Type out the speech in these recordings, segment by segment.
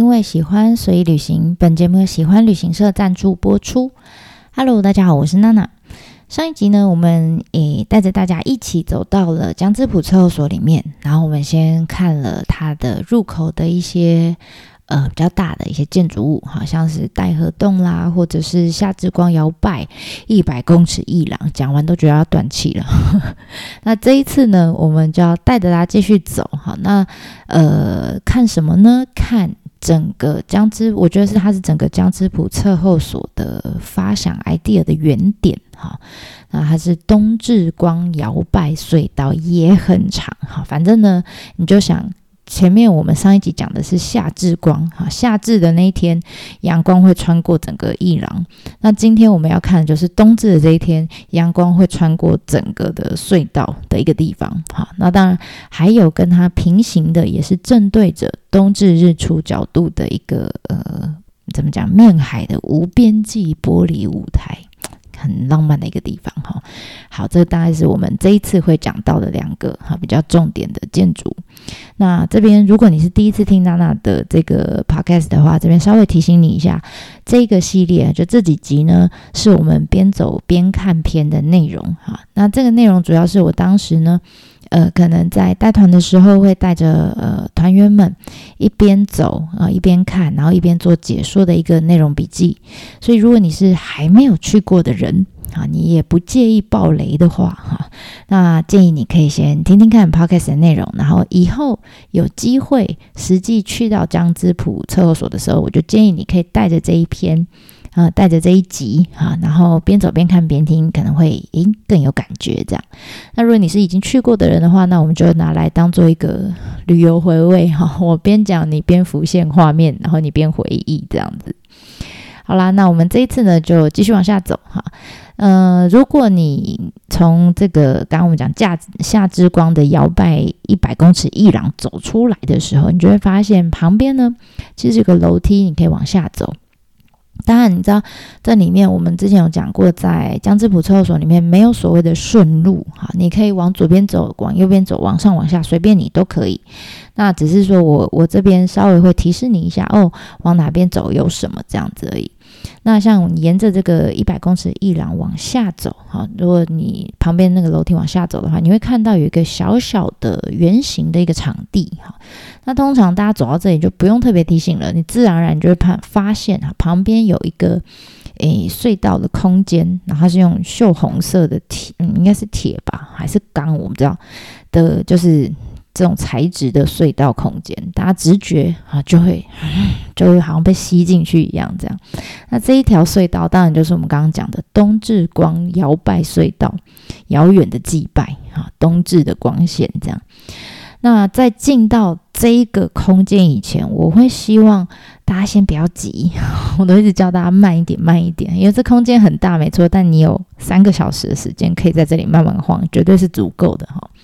因為喜歡，所以旅行。本節目由喜歡旅行社贊助播出。Hello，大家好，我是娜娜。上一集呢，我們誒帶着大家一起走到了江之浦測候所裡面，然後我們先看了它的入口的一些呃比較大的一些建築物，好像是待合棟啦，或者是夏至光遙拜一百公尺迴廊。講完都覺得要斷氣了。 那這一次呢，我們就要帶着大家繼續走，好，那呃看什麼呢？看。整個江之，我覺得是它是整個江之浦測候所的發想 idea 的原點哈。那、哦、它、啊、是冬至光遙拜隧道也很長哈、哦，反正呢你就想。前面我們上一集講的是夏至光，哈，夏至的那一天，陽光會穿過整個藝廊。那今天我們要看的就是冬至的這一天，陽光會穿過整個的隧道的一個地方，哈。那當然還有跟它平行的，也是正對着冬至日出角度的一個，呃，怎麼講，面海的無邊際玻璃舞台。很浪漫的一個地方哈，好，這大概是我們這一次會講到的兩個哈，比較重點的建築。那這邊如果你是第一次聽娜娜的這個 podcast 的話，這邊稍微提醒你一下，這個系列就這幾集呢，是我們邊走邊看篇的內容哈。那這個內容主要是我當時呢。呃，可能在帶團的時候會帶着呃團員們一邊走啊、呃，一邊看，然後一邊做解說的一個內容筆記。所以，如果你是還沒有去過的人啊，你也不介意爆雷的話哈、啊，那建議你可以先聽，聽聽看 Podcast 的內容，然後以後有機會實際去到江之浦測候所的時候，我就建議你可以帶着這一篇。啊、呃，帶着這一集啊，然後、邊走邊看邊聽，可能會誒更有感覺這樣。那如果你是已經去過的人的話，那我們就拿來當做一個旅遊回味哈。我邊講你邊浮現畫面，然後你邊回憶這樣子。好啦，那我們這一次呢就繼續往下走哈。呃，如果你從這個剛剛我們講冬至之光的遙拜一百公尺一廊走出來的時候，你就會發現旁邊呢其實這個樓梯，你可以往下走。當然，你知道這裡面我們之前有講過，在江之浦測候所裡面沒有所謂的順路哈，你可以往左邊走，往右邊走，往上往下隨便你都可以。那只是說我我這邊稍微會提示你一下哦，往哪邊走有什麼這樣子而已。那像沿着這個一百公尺一廊往下走，哈，如果你旁邊那個樓梯往下走的話，你會看到有一個小小的圓形的一個場地，哈。那通常大家走到這裡就不用特別提醒了，你自然而然就會判發現旁邊有一個誒隧道的空間，然後它是用鏽紅色的鐵，嗯，應該是鐵吧，還是鋼，我不知道的，就是。這種材質的隧道空間，大家直覺啊就會就會好像被吸進去一樣，這樣。那這一條隧道當然就是我們剛剛講的冬至光遙拜隧道，遙遠的祭拜啊，冬至的光線這樣。那在進到這一個空間以前，我會希望大家先不要急，我都一直叫大家慢一點，慢一點，因為這空間很大，沒錯。但你有三個小時的時間可以在這裡慢慢晃，絕對是足夠的哈。啊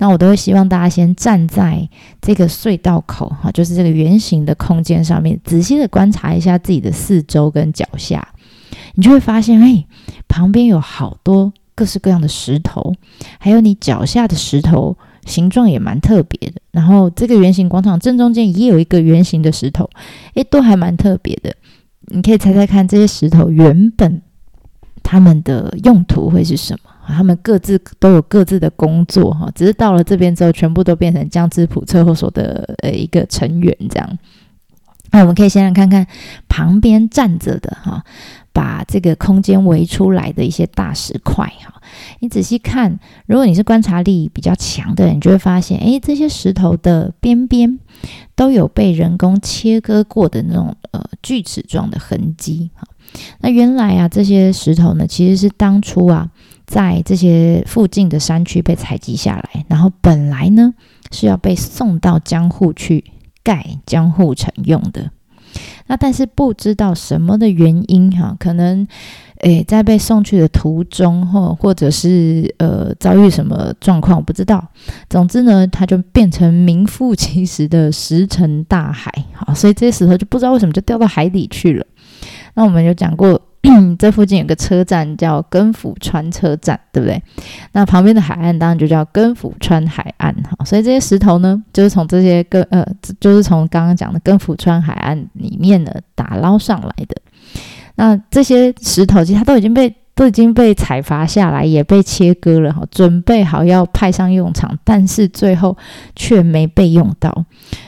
那我都會希望大家先站在這個隧道口哈，就是這個圓形的空間上面，仔細的觀察一下自己的四周跟腳下，你就會發現，誒，旁邊有好多各式各樣的石頭，還有你腳下的石頭形狀也蠻特別的。然後這個圓形廣場正中間也有一個圓形的石頭，誒，都還蠻特別的。你可以猜猜看，這些石頭原本它們的用途會是什麼？他們各自都有各自的工作，哈，只是到了這邊之後，全部都變成江之浦測候所的呃一個成員，這樣。那我們可以先來看看旁邊站着的哈，把這個空間圍出來的一些大石塊哈。你仔細看，如果你是觀察力比較強的人，你就會發現，哎，這些石頭的邊邊都有被人工切割過的那種呃鋸齒狀的痕跡哈。那原來啊，這些石頭呢，其實是當初啊。在這些附近的山區被採集下來，然後本來呢是要被送到江戶去蓋江戶城用的。那但是不知道什麼的原因哈、啊，可能誒在被送去的途中或或者是呃遭遇什麼狀況，我不知道。總之呢，它就變成名副其實的石沉大海啊，所以這些石頭就不知道為什麼就掉到海裡去了。那我們有講過， 這附近有個車站叫根府川車站，對不對？那旁邊的海岸當然就叫根府川海岸，哈。所以這些石頭呢，就是從這些根呃，就是從剛剛講的根府川海岸裡面呢打撈上來的。那這些石頭其實它都已經被。都已經被採伐下來，也被切割了哈，準備好要派上用場，但是最後卻沒被用到，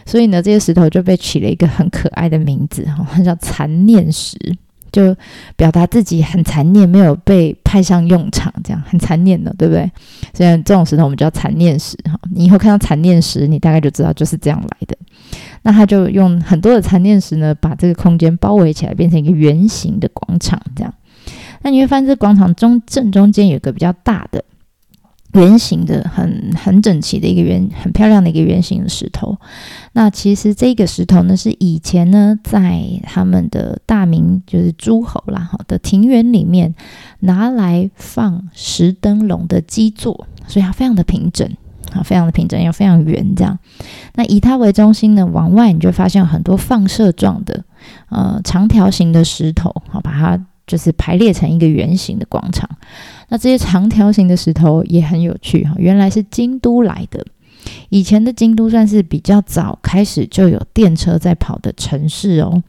所以呢，這些石頭就被取了一個很可愛的名字哈，叫殘念石，就表達自己很殘念，沒有被派上用場，這樣很殘念的，對不對？所以呢，這種石頭我們叫殘念石哈，你以後看到殘念石，你大概就知道就是這樣來的。那他就用很多的殘念石呢，把這個空間包圍起來，變成一個圓形的廣場這樣。那你會發現，這廣場中正中間有一個比較大的圓形的、很很整齊的一個圓，很漂亮的一個圓形的石頭。那其實這個石頭呢，是以前呢在他們的大名就是諸侯啦哈的庭園裡面拿來放石燈籠的基座，所以它非常的平整啊，非常的平整，又非常圓。這樣，那以它為中心呢，往外你就發現有很多放射狀的呃長條形的石頭，好把它。就是排列成一個圓形的廣場，那這些長條形的石頭也很有趣哈，原來是京都來的。以前的京都算是比較早開始就有電車在跑的城市哦。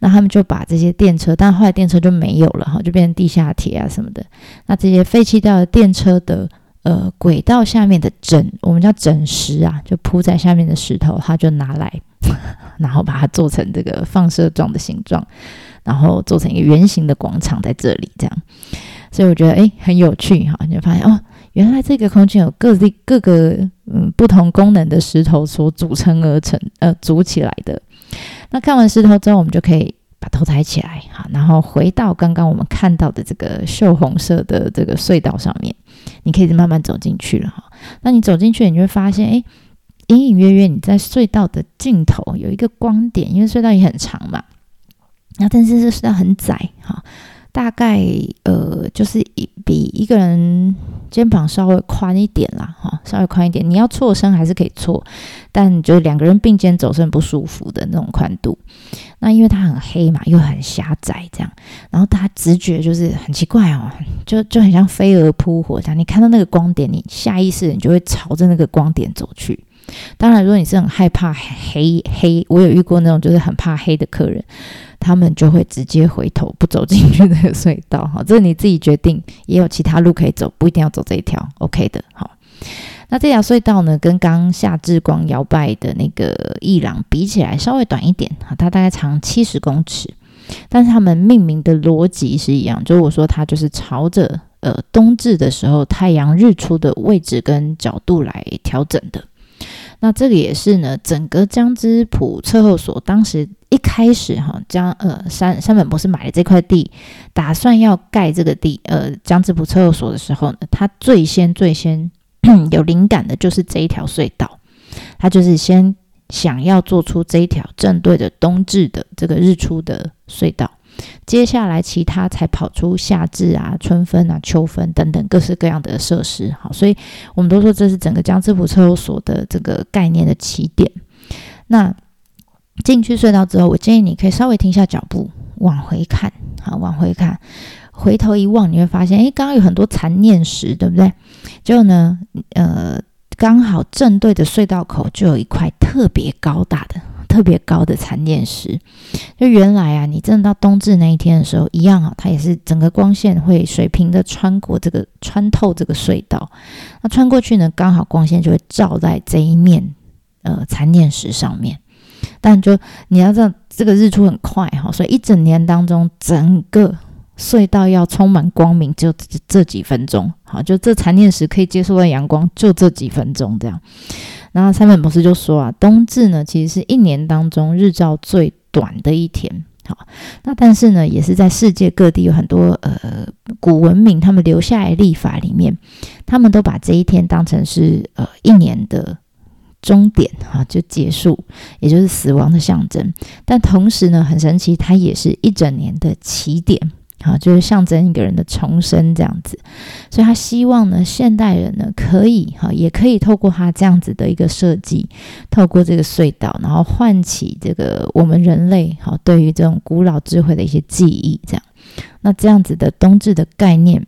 那他們就把這些電車，但後來電車就沒有了哈，就變成地下鐵啊什麼的。那這些廢棄掉的電車的呃軌道下面的枕，我們叫枕石啊，就鋪在下面的石頭，它就拿來，然後把它做成這個放射狀的形狀。然後做成一個圓形的廣場在這裡，這樣，所以我覺得誒、欸，很有趣哈，你就發現哦，原來這個空間有各地各個嗯不同功能的石頭所組成而成，呃組起來的。那看完石頭之後，我們就可以把頭抬起來哈，然後回到剛剛我們看到的這個鏽紅色的這個隧道上面，你可以慢慢走進去了哈。那你走進去，你就會發現誒、欸，隱隱約約你在隧道的盡頭有一個光點，因為隧道也很長嘛。那、啊、但是這雖然很窄哈、哦，大概呃就是一比一個人肩膀稍微寬一點啦哈、哦，稍微寬一點，你要錯身還是可以錯，但就是兩個人並肩走是很不舒服的那種寬度。那因為它很黑嘛，又很狹窄這樣，然後他直覺就是很奇怪哦，就就很像飛蛾撲火這樣，你看到那個光點，你下意識你就會朝着那個光點走去。當然，如果你是很害怕黑黑，我有遇過那種就是很怕黑的客人。他們就會直接回頭，不走進去那個隧道。哈，這是你自己決定，也有其他路可以走，不一定要走這一條。OK 的，哈，那這條隧道呢，跟剛夏至光遙拜的那個藝廊比起來，稍微短一點。哈，它大概長七十公尺，但是他們命名的邏輯是一樣，就是我說它就是朝着呃冬至的時候太陽日出的位置跟角度來調整的。那這個也是呢，整個江之浦測候所當時。一開始哈，江呃山山本博士買了這塊地，打算要蓋這個地呃江之浦測候所的時候呢，他最先最先有靈感的就是這一條隧道，他就是先想要做出這一條正對着冬至的這個日出的隧道，接下來其他才跑出夏至啊、春分啊、秋分等等各式各樣的設施。好，所以我們都說這是整個江之浦測候所的這個概念的起點。那，進去隧道之後，我建議你可以稍微停下腳步，往回看，好，往回看，回頭一望，你會發現，誒，剛剛有很多殘念石，對不對？就呢，呃，剛好正對着隧道口，就有一塊特別高大的、特別高的殘念石。就原來啊，你真的到冬至那一天的時候，一樣啊，它也是整個光線會水平的穿過這個、穿透這個隧道，那穿過去呢，剛好光線就會照在這一面，呃，殘念石上面。但就你要知道，這個日出很快哈、哦，所以一整年當中，整個隧道要充滿光明，就這，這幾分鐘。好、哦，就這殘念時可以接受到陽光，就這幾分鐘這樣。然後杉本博司就說啊，冬至呢，其實是一年當中日照最短的一天。好、哦，那但是呢，也是在世界各地有很多呃古文明他們留下來曆法裡面，他們都把這一天當成是呃一年的。終點哈，就結束，也就是死亡的象徵。但同時呢，很神奇，它也是一整年的起點哈，就是象徵一個人的重生這樣子。所以他希望呢，現代人呢可以哈，也可以透過他這樣子的一個設計，透過這個隧道，然後喚起這個我們人類哈，對於這種古老智慧的一些記憶這樣。那這樣子的冬至的概念。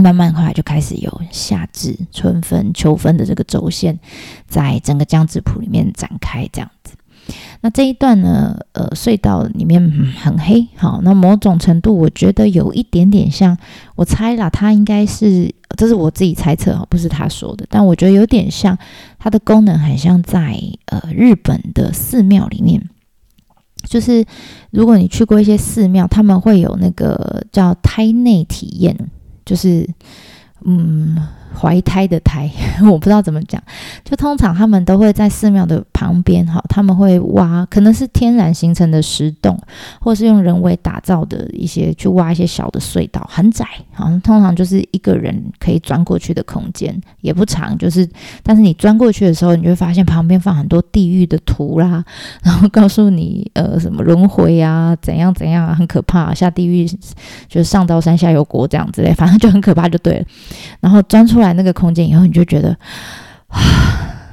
慢慢後來就開始有夏至、春分、秋分的這個軸線，在整個江之浦裡面展開這樣子。那這一段呢，呃，隧道裡面很黑。好，那某種程度我覺得有一點點像，我猜啦，它應該是，這是我自己猜測哦，不是他說的。但我覺得有點像，它的功能很像在呃日本的寺廟裡面，就是如果你去過一些寺廟，他們會有那個叫胎內體驗。就是，嗯。懷胎的胎，我不知道怎麼講，就通常他們都會在寺廟的旁邊，哈、哦，他們會挖，可能是天然形成的石洞，或是用人為打造的一些去挖一些小的隧道，很窄，好、哦、像通常就是一個人可以鑽過去的空間，也不長，就是，但是你鑽過去的時候，你就會發現旁邊放很多地獄的圖啦，然後告訴你，呃，什麼輪迴啊，怎樣怎樣、啊，很可怕、啊，下地獄就是上刀山下油鍋這樣之類的，反正就很可怕就對了，然後鑽出。出來那個空間以後，你就覺得哇，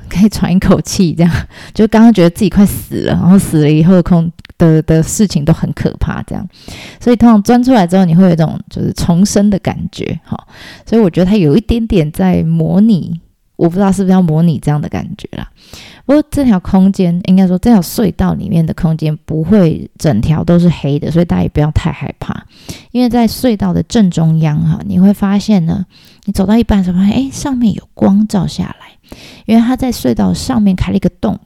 可以喘一口氣，這樣就剛剛覺得自己快死了，然後死了以後的空的的事情都很可怕，這樣。所以通常鑽出來之後，你會有一種就是重生的感覺，哈、哦。所以我覺得它有一點點在模擬，我不知道是不是要模擬這樣的感覺啦。不過這條空間應該說這條隧道裡面的空間不會整條都是黑的，所以大家也不要太害怕，因為在隧道的正中央，哈、哦，你會發現呢。你走到一半的時候發現，哎、欸，上面有光照下來，因為它在隧道上面開了一個洞，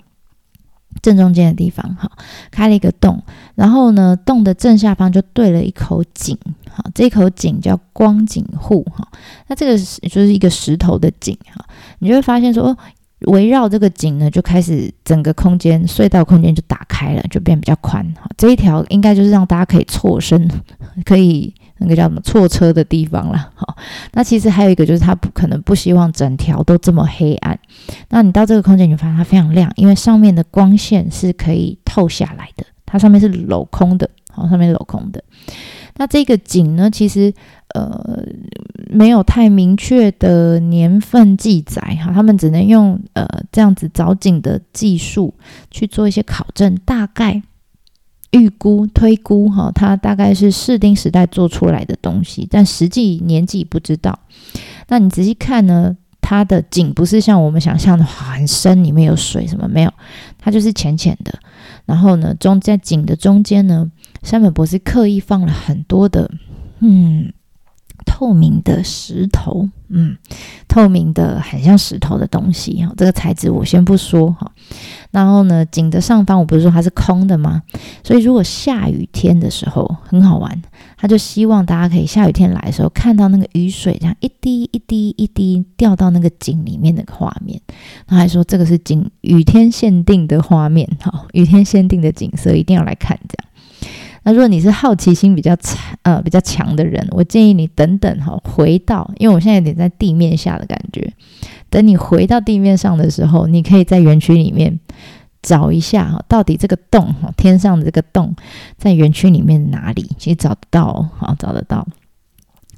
正中間的地方哈，開了一個洞，然後呢，洞的正下方就對了一口井哈，這一口井叫光井戶哈，那這個就是一個石頭的井哈，你就會發現說，哦，圍繞這個井呢，就開始整個空間隧道空間就打開了，就變比較寬哈，這一條應該就是讓大家可以錯身，可以。那個叫什麼錯車的地方了哈、哦。那其實還有一個就是它不可能不希望整條都這麼黑暗。那你到這個空間，你就發現它非常亮，因為上面的光線是可以透下來的。它上面是鏤空的，好、哦，上面是鏤空的。那這個井呢，其實呃沒有太明確的年份記載哈、哦，他們只能用呃這樣子鑿井的技術去做一些考證，大概。預估推估，哈、哦，它大概是士丁時代做出來的東西，但實際年紀不知道。那你仔細看呢，它的井不是像我們想象的很深，裡面有水什麼沒有，它就是淺淺的。然後呢，中在井的中間呢，山本博士刻意放了很多的，嗯。透明的石頭，嗯，透明的很像石頭的東西哈。這個材質我先不說哈。然後呢，井的上方我不是說它是空的嗎？所以如果下雨天的時候很好玩，他就希望大家可以下雨天來的時候看到那個雨水這樣一滴一滴一滴掉到那個井裡面那個畫面。他還說這個是井雨天限定的畫面哈，雨天限定的景色一定要來看這樣。他、啊、說：“如果你是好奇心比較強，呃，比較強的人。我建議你等等哈、哦，回到，因為我現在有點在地面下的感覺。等你回到地面上的時候，你可以在園區裡面找一下哈、哦，到底這個洞哈、哦，天上的這個洞在園區裡面哪裡？其實找得到，哈、哦，找得到。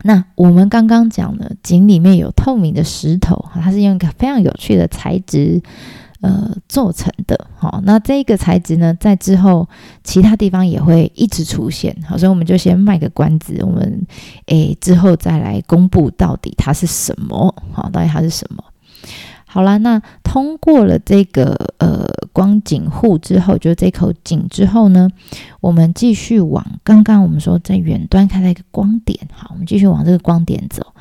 那我們剛剛講的井裡面有透明的石頭，它是用一個非常有趣的材質。”呃，做成的，好，那這個材質呢，在之後其他地方也會一直出現，好，所以我們就先賣個關子，我們誒、欸、之後再來公布到底它是什麼，好，到底它是什麼。好啦，那通過了這個呃光井戶之後，就這口井之後呢，我們繼續往剛剛我們說在遠端看到一個光點，好，我們繼續往這個光點走，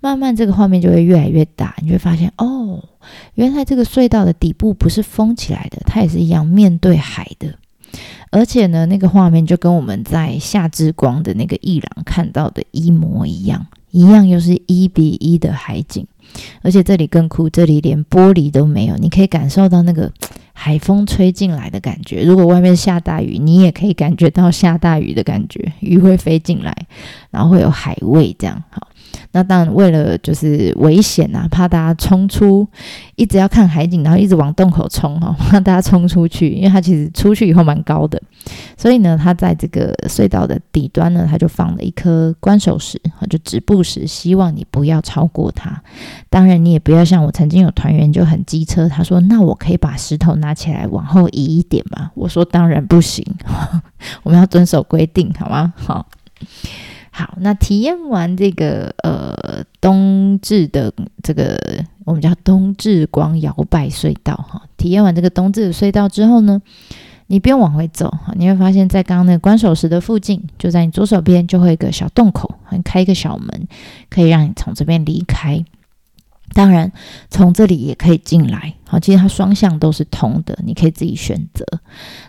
慢慢這個畫面就會越來越大，你就會發現哦。原來這個隧道的底部不是封起來的，它也是一樣面對海的。而且呢，那個畫面就跟我們在夏至光的那個藝廊看到的一模一樣，一樣又是一比一的海景。而且這裡更酷，這裡連玻璃都沒有，你可以感受到那個海風吹進來的感覺。如果外面下大雨，你也可以感覺到下大雨的感覺，雨會飛進來，然後會有海味這樣。好。那當然，為了就是危險吶、啊，怕大家衝出，一直要看海景，然後一直往洞口衝哦、啊，怕大家衝出去，因為它其實出去以後蠻高的，所以呢，它在這個隧道的底端呢，它就放了一顆關守石，就止步石，希望你不要超過它。當然，你也不要像我曾經有團員就很機車，他說：“那我可以把石頭拿起來往後移一點嘛？”我說：“當然不行， 我們要遵守規定，好嗎？”好。好，那體驗完這個呃冬至的這個我們叫冬至光遙拜隧道哈，體驗完這個冬至的隧道之後呢，你不用往回走哈，你會發現在剛剛那個關守石的附近，就在你左手邊就會有一個小洞口，開一個小門，可以讓你從這邊離開。當然，從這裡也可以進來，好，其實它雙向都是通的，你可以自己選擇。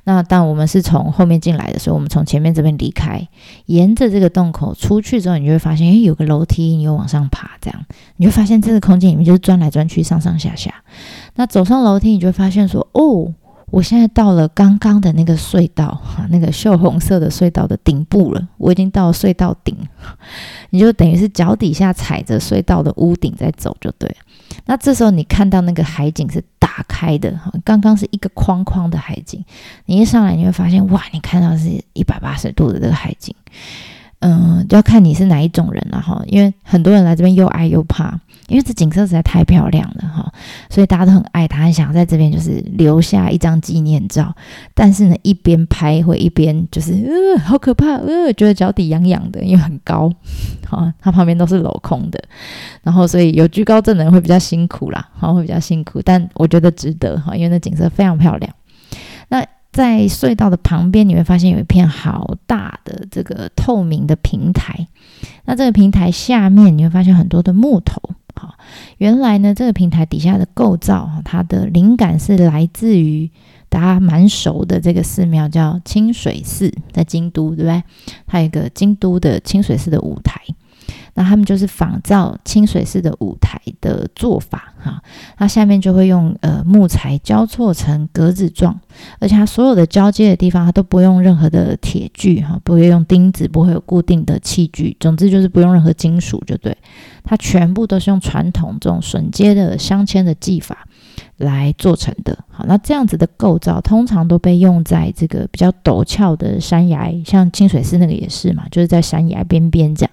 那當我們是從後面進來的時候，我們從前面這邊離開，沿着這個洞口出去之後，你就會發現，誒、欸，有個樓梯，你又往上爬，這樣你就發現這個空間裡面就是鑽來鑽去，上上下下。那走上樓梯，你就會發現說，哦。我現在到了剛剛的那個隧道，哈，那個銹紅色的隧道的頂部了。我已經到了隧道頂，你就等於是腳底下踩着隧道的屋頂在走就對了。那這時候你看到那個海景是打開的，哈，剛剛是一個框框的海景，你一上來你會發現，哇，你看到是一百八十度的這個海景。嗯，就要看你是哪一種人了，啊，哈，因為很多人來這邊又愛又怕，因為這景色實在太漂亮了哈，所以大家都很愛，它，很想要在這邊就是留下一張紀念照。但是呢，一邊拍會一邊就是呃，好可怕，呃，覺得腳底癢癢的，因為很高，好，它旁邊都是鏤空的，然後所以有懼高症的人會比較辛苦啦，哈，會比較辛苦，但我覺得值得哈，因為那景色非常漂亮。那在隧道的旁邊，你會發現有一片好大的這個透明的平台。那這個平台下面，你會發現很多的木頭。好，原來呢，這個平台底下的構造，它的靈感是來自於大家蠻熟的這個寺廟，叫清水寺，在京都，對不對？它有一個京都的清水寺的舞台。那他們就是仿造清水寺的舞台的做法哈，那下面就會用呃木材交錯成格子狀，而且它所有的交接的地方，它都不用任何的鐵具哈，不會用釘子，不會有固定的器具，總之就是不用任何金屬就對，它全部都是用傳統這種榫接的鑲嵌的技法來做成的。好，那這樣子的構造通常都被用在這個比較陡峭的山崖，像清水寺那個也是嘛，就是在山崖邊邊這樣。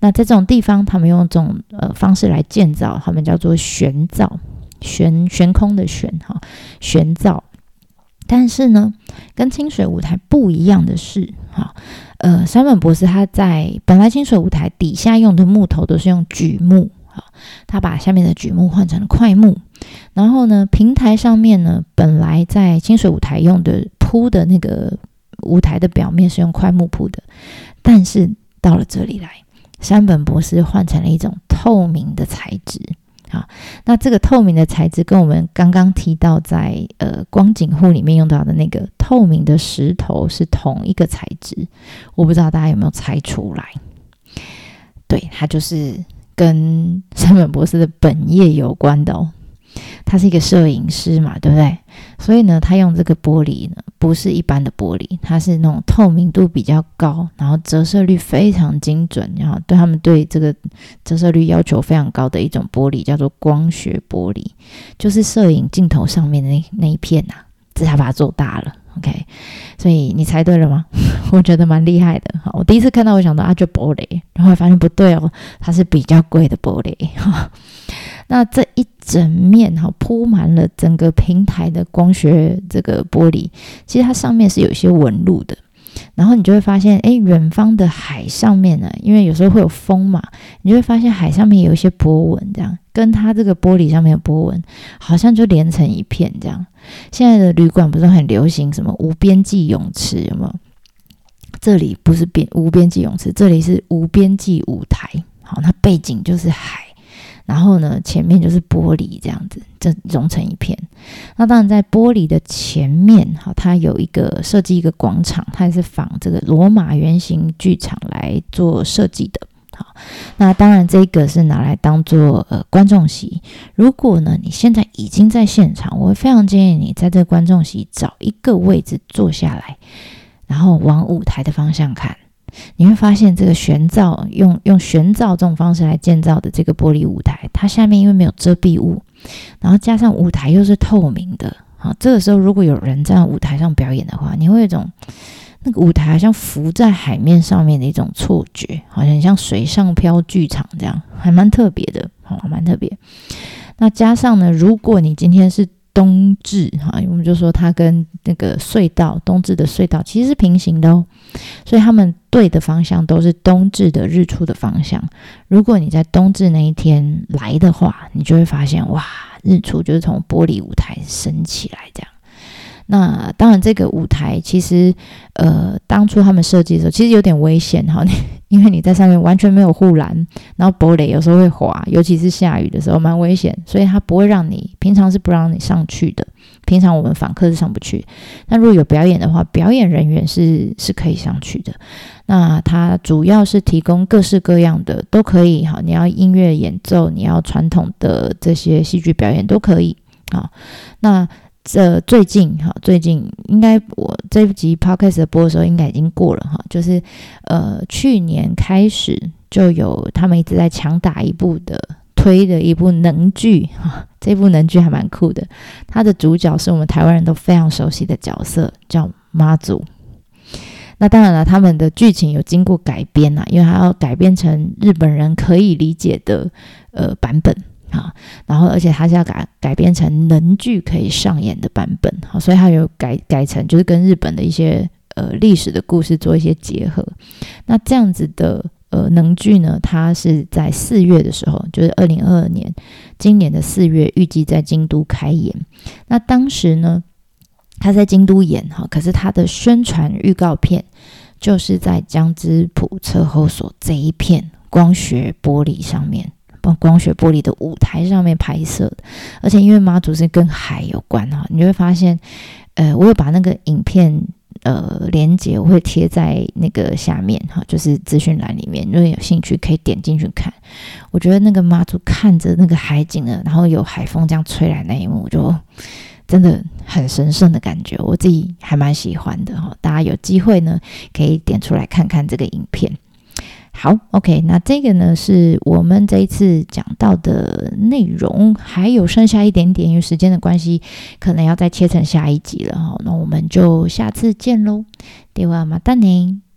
那在這種地方，他們用這種呃方式來建造，他們叫做懸造，懸，懸空的懸哈，懸造。但是呢，跟清水舞台不一樣的是，哈，呃，山本博士他在本來清水舞台底下用的木頭都是用櫸木，哈，他把下面的櫸木換成了塊木。然後呢，平台上面呢，本來在清水舞台用的鋪的那個舞台的表面是用塊木鋪的，但是到了這裡來。山本博士換成了一種透明的材質，啊，那這個透明的材質跟我們剛剛提到在呃光景戶裡面用到的那個透明的石頭是同一個材質，我不知道大家有沒有猜出來？對，它就是跟山本博士的本業有關的哦，他是一個攝影師嘛，對不對？所以呢，他用這個玻璃呢，不是一般的玻璃，它是那種透明度比較高，然後折射率非常精準，然後對他們對這個折射率要求非常高的一種玻璃，叫做光學玻璃，就是攝影鏡頭上面的那那一片吶、啊。這下把它做大了，OK。所以你猜對了嗎？ 我覺得蠻厲害的。好，我第一次看到，我想到啊，就玻璃，然後發現不對哦，它是比較貴的玻璃。呵呵那這一整面哈鋪滿了整個平台的光學這個玻璃，其實它上面是有一些紋路的。然後你就會發現，哎、欸，遠方的海上面呢、啊，因為有時候會有風嘛，你就會發現海上面有一些波紋，這樣跟它這個玻璃上面的波紋好像就連成一片這樣。現在的旅館不是很流行什麼無邊際泳池有沒有？這裡不是邊無邊際泳池，這裡是無邊際舞台。好，那背景就是海。然後呢，前面就是玻璃這樣子，這融成一片。那當然，在玻璃的前面，哈，它有一個設計一個廣場，它是仿這個羅馬圓形劇場來做設計的。好，那當然這個是拿來當做呃觀眾席。如果呢，你現在已經在現場，我會非常建議你在這個觀眾席找一個位置坐下來，然後往舞台的方向看。你會發現，這個懸造用用懸造這種方式來建造的這個玻璃舞台，它下面因為沒有遮蔽物，然後加上舞台又是透明的，好，這個時候如果有人在舞台上表演的話，你會有一種那個舞台好像浮在海面上面的一種錯覺，好像像水上漂劇場這樣，還蠻特別的，好，蠻特別。那加上呢，如果你今天是冬至哈，我們就說它跟那個隧道，冬至的隧道其實是平行的哦，所以他們對的方向都是冬至的日出的方向。如果你在冬至那一天來的話，你就會發現哇，日出就是從玻璃舞台升起來這樣。那當然，這個舞台其實，呃，當初他們設計的時候其實有點危險哈。因為你在上面完全沒有護欄，然後玻璃有時候會滑，尤其是下雨的時候，蠻危險，所以它不會讓你平常是不讓你上去的。平常我們訪客是上不去，那如果有表演的話，表演人員是是可以上去的。那它主要是提供各式各樣的都可以，好，你要音樂演奏，你要傳統的這些戲劇表演都可以，好，那。這最近哈，最近應該我這一集 podcast 的播的時候，應該已經過了哈。就是呃，去年開始就有他們一直在強打一部的推的一部能劇哈，這部能劇還蠻酷的，它的主角是我們台灣人都非常熟悉的角色，叫媽祖。那當然了，他們的劇情有經過改編啦、啊，因為他要改編成日本人可以理解的呃版本。啊，然後而且它是要改改編成能劇可以上演的版本，好，所以它有改改成就是跟日本的一些呃歷史的故事做一些結合。那這樣子的呃能劇呢，它是在四月的時候，就是二零二二年今年的四月，預計在京都開演。那當時呢，它在京都演哈，可是它的宣傳預告片就是在江之浦測候所這一片光學玻璃上面。光學玻璃的舞台上面拍攝，而且因為媽祖是跟海有關哈，你就會發現，呃，我有把那個影片，呃連接，我會貼在那個下面哈，就是資訊欄裡面，如果有興趣可以點進去看。我覺得那個媽祖看着那個海景呢，然後有海風這樣吹來那一幕，就真的很神聖的感覺，我自己還蠻喜歡的哈。大家有機會呢可以點出來看看這個影片。好，OK，那這個呢是我們這一次講到的內容，還有剩下一點點，因為時間的關係，可能要再切成下一集了哈。那我們就下次見嘍，ではまたね。